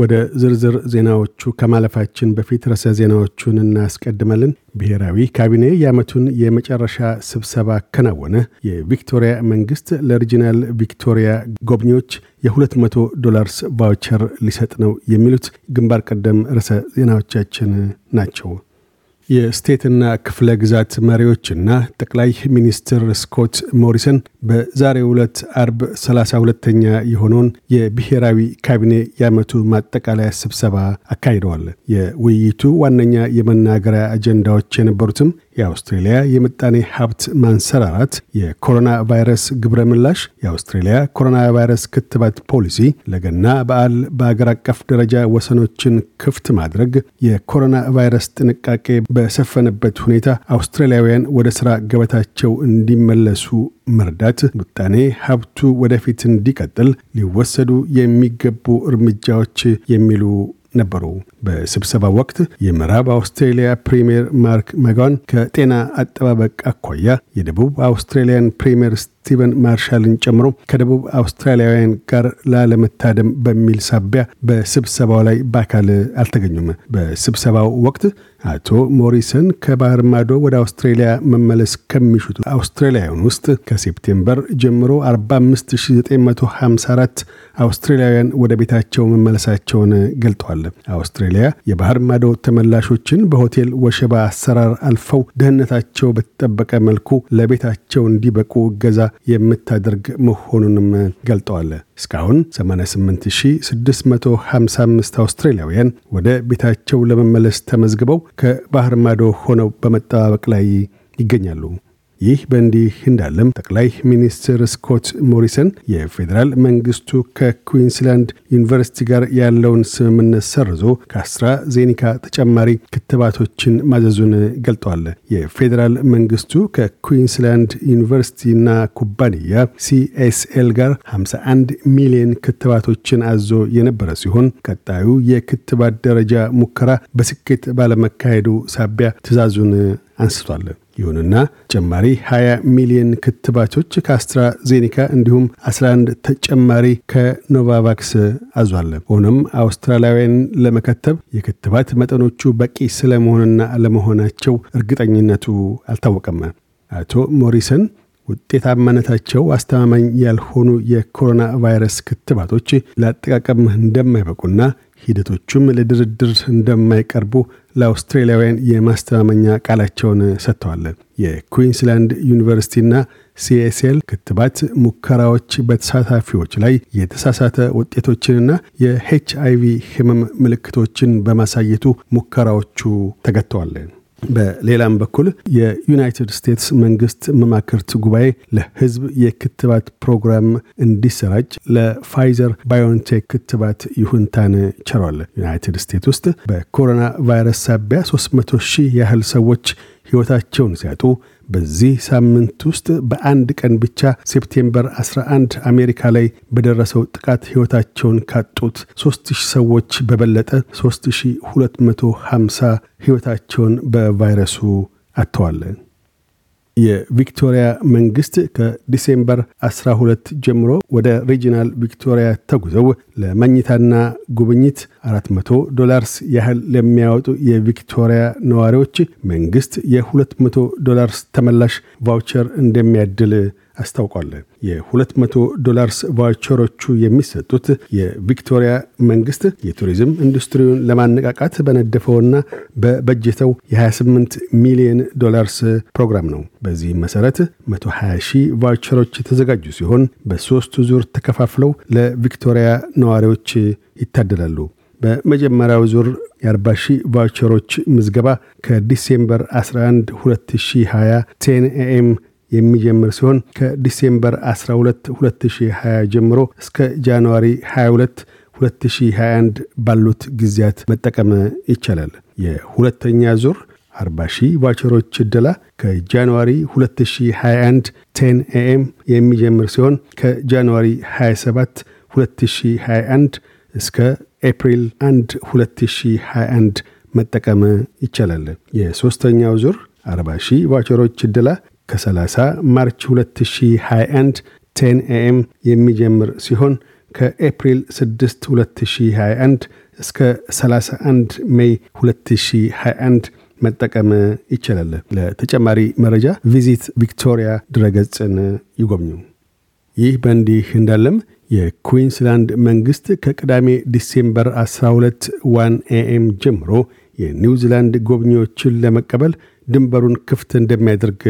ወደ ዝርዝር ዜናዎቹ ከማለፋችን በፊት ርዕሰ ዜናዎቹን እናስቀድማለን። ብሔራዊ ካቢኔ የዓመቱን የመጨረሻ ስብሰባ አከናወነ የቪክቶሪያ መንግሥት ለሪጂናል ቪክቶሪያ ጎብኚዎች የ200 ዶላርስ ቫውቸር ሊሰጥ ነው። የሚሉት ግንባር ቀደም ርዕሰ ዜናዎቻችን ናቸው። የስቴትና ክፍለ ግዛት መሪዎችና ጠቅላይ ሚኒስትር ስኮት ሞሪሰን በዛሬ ዕለት አርብ 32ተኛ የሆነውን የብሔራዊ ካቢኔ የዓመቱ ማጠቃለያ ስብሰባ አካሂደዋል። የውይይቱ ዋነኛ የመናገሪያ አጀንዳዎች የነበሩትም የአውስትሬልያ የምጣኔ ሀብት ማንሰራራት፣ የኮሮና ቫይረስ ግብረ ምላሽ፣ የአውስትሬልያ ኮሮና ቫይረስ ክትባት ፖሊሲ፣ ለገና በዓል በአገር አቀፍ ደረጃ ወሰኖችን ክፍት ማድረግ፣ የኮሮና ቫይረስ ጥንቃቄ በሰፈነበት ሁኔታ አውስትራሊያውያን ወደ ስራ ገበታቸው እንዲመለሱ መርዳት ምጣኔ ሀብቱ ወደፊት እንዲቀጥል ሊወሰዱ የሚገቡ እርምጃዎች የሚሉ ነበሩ። በስብሰባ ወቅት የምዕራብ አውስትሬሊያ ፕሪምየር ማርክ መጋን ከጤና አጠባበቅ አኳያ የደቡብ አውስትሬሊያን ፕሪምየር ስቲቨን ማርሻልን ጨምሮ ከደቡብ አውስትራሊያውያን ጋር ላለመታደም በሚል ሳቢያ በስብሰባው ላይ በአካል አልተገኙም። በስብሰባው ወቅት አቶ ሞሪሰን ከባህር ማዶ ወደ አውስትሬሊያ መመለስ ከሚሹት አውስትሬሊያውያን ውስጥ ከሴፕቴምበር ጀምሮ 45954 አውስትሬሊያውያን ወደ ቤታቸው መመለሳቸውን ገልጠዋል። አውስትሬሊያ የባህር ማዶ ተመላሾችን በሆቴል ወሸባ አሰራር አልፈው ደህንነታቸው በተጠበቀ መልኩ ለቤታቸው እንዲበቁ እገዛ የምታደርግ መሆኑንም ገልጠዋል። እስካሁን 88655 አውስትራሊያውያን ወደ ቤታቸው ለመመለስ ተመዝግበው ከባህር ማዶ ሆነው በመጠባበቅ ላይ ይገኛሉ። ይህ በእንዲህ እንዳለም ጠቅላይ ሚኒስትር ስኮት ሞሪሰን የፌዴራል መንግስቱ ከኩዊንስላንድ ዩኒቨርሲቲ ጋር ያለውን ስምምነት ሰርዞ ዜኒካ ተጨማሪ ክትባቶችን ማዘዙን ገልጠዋል። የፌዴራል መንግስቱ ከኩዊንስላንድ ዩኒቨርሲቲና ኩባንያ ሲኤስኤል ጋር 51 ሚሊዮን ክትባቶችን አዞ የነበረ ሲሆን ቀጣዩ የክትባት ደረጃ ሙከራ በስኬት ባለመካሄዱ ሳቢያ ትእዛዙን አንስቷል። ይሁንና ተጨማሪ 20 ሚሊዮን ክትባቶች ከአስትራ እንዲሁም 11 ተጨማሪ ከኖቫቫክስ አዟለ ሆኖም አውስትራሊያውያን ለመከተብ የክትባት መጠኖቹ በቂ ስለመሆንና አለመሆናቸው እርግጠኝነቱ አልታወቀም። አቶ ሞሪሰን ውጤታማነታቸው አስተማማኝ ያልሆኑ የኮሮና ቫይረስ ክትባቶች ለአጠቃቀም እንደማይበቁና ሂደቶቹም ለድርድር እንደማይቀርቡ ለአውስትሬሊያውያን የማስተማመኛ ቃላቸውን ሰጥተዋል። የኩዊንስላንድ ዩኒቨርሲቲና ሲኤስኤል ክትባት ሙከራዎች በተሳታፊዎች ላይ የተሳሳተ ውጤቶችንና የኤችአይቪ ህመም ምልክቶችን በማሳየቱ ሙከራዎቹ ተገጥተዋል። በሌላም በኩል የዩናይትድ ስቴትስ መንግስት መማክርት ጉባኤ ለህዝብ የክትባት ፕሮግራም እንዲሰራጭ ለፋይዘር ባዮንቴክ ክትባት ይሁንታን ቸሯል። ዩናይትድ ስቴትስ ውስጥ በኮሮና ቫይረስ ሳቢያ 300 ሺህ ያህል ሰዎች ሕይወታቸውን ሲያጡ በዚህ ሳምንት ውስጥ በአንድ ቀን ብቻ ሴፕቴምበር 11 አሜሪካ ላይ በደረሰው ጥቃት ሕይወታቸውን ካጡት 3000 ሰዎች በበለጠ 3250 ሕይወታቸውን በቫይረሱ አጥተዋል። የቪክቶሪያ መንግስት ከዲሴምበር 12 ጀምሮ ወደ ሪጂናል ቪክቶሪያ ተጉዘው ለመኝታና ጉብኝት 400 ዶላርስ ያህል ለሚያወጡ የቪክቶሪያ ነዋሪዎች መንግስት የ200 ዶላርስ ተመላሽ ቫውቸር እንደሚያድል አስታውቋል። የ200 ዶላርስ ቫውቸሮቹ የሚሰጡት የቪክቶሪያ መንግስት የቱሪዝም ኢንዱስትሪውን ለማነቃቃት በነደፈውና በበጀተው የ28 ሚሊዮን ዶላርስ ፕሮግራም ነው። በዚህ መሰረት 120 ሺህ ቫውቸሮች የተዘጋጁ ሲሆን በሦስቱ ዙር ተከፋፍለው ለቪክቶሪያ ነዋሪዎች ይታደላሉ። በመጀመሪያው ዙር የ40 ሺህ ቫውቸሮች ምዝገባ ከዲሴምበር 11 2020 10 ኤኤም የሚጀምር ሲሆን ከዲሴምበር 12 2020 ጀምሮ እስከ ጃንዋሪ 22 2021 ባሉት ጊዜያት መጠቀም ይቻላል። የሁለተኛ ዙር 40 ሺህ ቫቸሮች ዕደላ ከጃንዋሪ 2021 10 ኤኤም የሚጀምር ሲሆን ከጃንዋሪ 27 2021 እስከ ኤፕሪል 1 2021 መጠቀም ይቻላል። የሦስተኛው ዙር 40 ሺህ ቫቸሮች ዕደላ ከ30 ማርች 2021 10 ኤኤም የሚጀምር ሲሆን ከኤፕሪል 6 2021 እስከ 31 ሜይ 2021 መጠቀም ይቻላል ለተጨማሪ መረጃ ቪዚት ቪክቶሪያ ድረገጽን ይጎብኙ። ይህ በእንዲህ እንዳለም የኩዊንስላንድ መንግሥት ከቅዳሜ ዲሴምበር 12 ዋን ኤኤም ጀምሮ የኒውዚላንድ ጎብኚዎችን ለመቀበል ድንበሩን ክፍት እንደሚያደርግ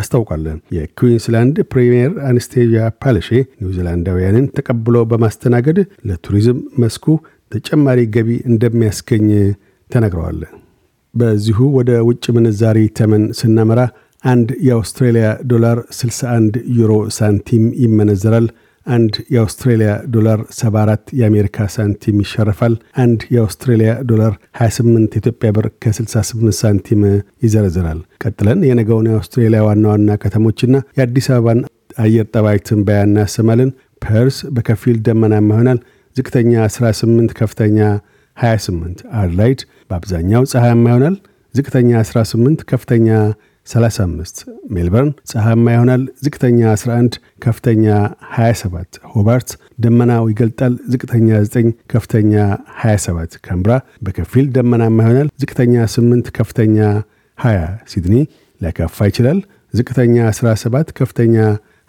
አስታውቋል። የኩዊንስላንድ ፕሪምየር አነስቴዥያ ፓለሼ ኒውዚላንዳውያንን ተቀብሎ በማስተናገድ ለቱሪዝም መስኩ ተጨማሪ ገቢ እንደሚያስገኝ ተነግረዋል። በዚሁ ወደ ውጭ ምንዛሪ ተመን ስናመራ አንድ የአውስትሬልያ ዶላር 61 ዩሮ ሳንቲም ይመነዘራል። አንድ የአውስትሬሊያ ዶላር 74 የአሜሪካ ሳንቲም ይሸርፋል። አንድ የአውስትሬሊያ ዶላር 28 የኢትዮጵያ ብር ከ68 ሳንቲም ይዘረዝራል። ቀጥለን የነገውን የአውስትሬሊያ ዋና ዋና ከተሞችና የአዲስ አበባን አየር ጠባይ ትንበያ እናሰማለን። ፐርስ በከፊል ደመናማ ይሆናል። ዝቅተኛ 18፣ ከፍተኛ 28። አድላይድ በአብዛኛው ፀሐያማ ይሆናል። ዝቅተኛ 18፣ ከፍተኛ 35 ሜልበርን ፀሐያማ ይሆናል። ዝቅተኛ 11 ከፍተኛ 27 ሆባርት ደመናው ይገልጣል። ዝቅተኛ 9 ከፍተኛ 27 ካምብራ በከፊል ደመናማ ይሆናል። ዝቅተኛ 8 ከፍተኛ 20 ሲድኒ ሊያካፋ ይችላል። ዝቅተኛ 17 ከፍተኛ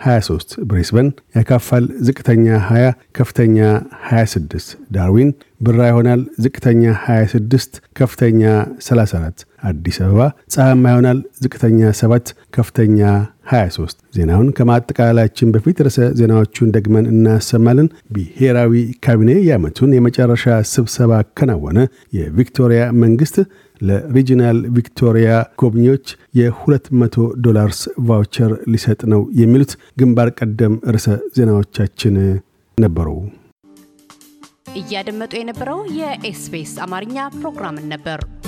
23 ብሬስበን ያካፋል። ዝቅተኛ 20 ከፍተኛ 26 ዳርዊን ብራ ይሆናል። ዝቅተኛ 26 ከፍተኛ 34 አዲስ አበባ ፀሐያማ ይሆናል። ዝቅተኛ 7፣ ከፍተኛ 23። ዜናውን ከማጠቃላላችን በፊት ርዕሰ ዜናዎቹን ደግመን እናሰማለን። ብሔራዊ ካቢኔ የዓመቱን የመጨረሻ ስብሰባ ከናወነ። የቪክቶሪያ መንግስት ለሪጂናል ቪክቶሪያ ጎብኚዎች የ200 ዶላርስ ቫውቸር ሊሰጥ ነው። የሚሉት ግንባር ቀደም ርዕሰ ዜናዎቻችን ነበሩ። እያደመጡ የነበረው የኤስቢኤስ አማርኛ ፕሮግራምን ነበር።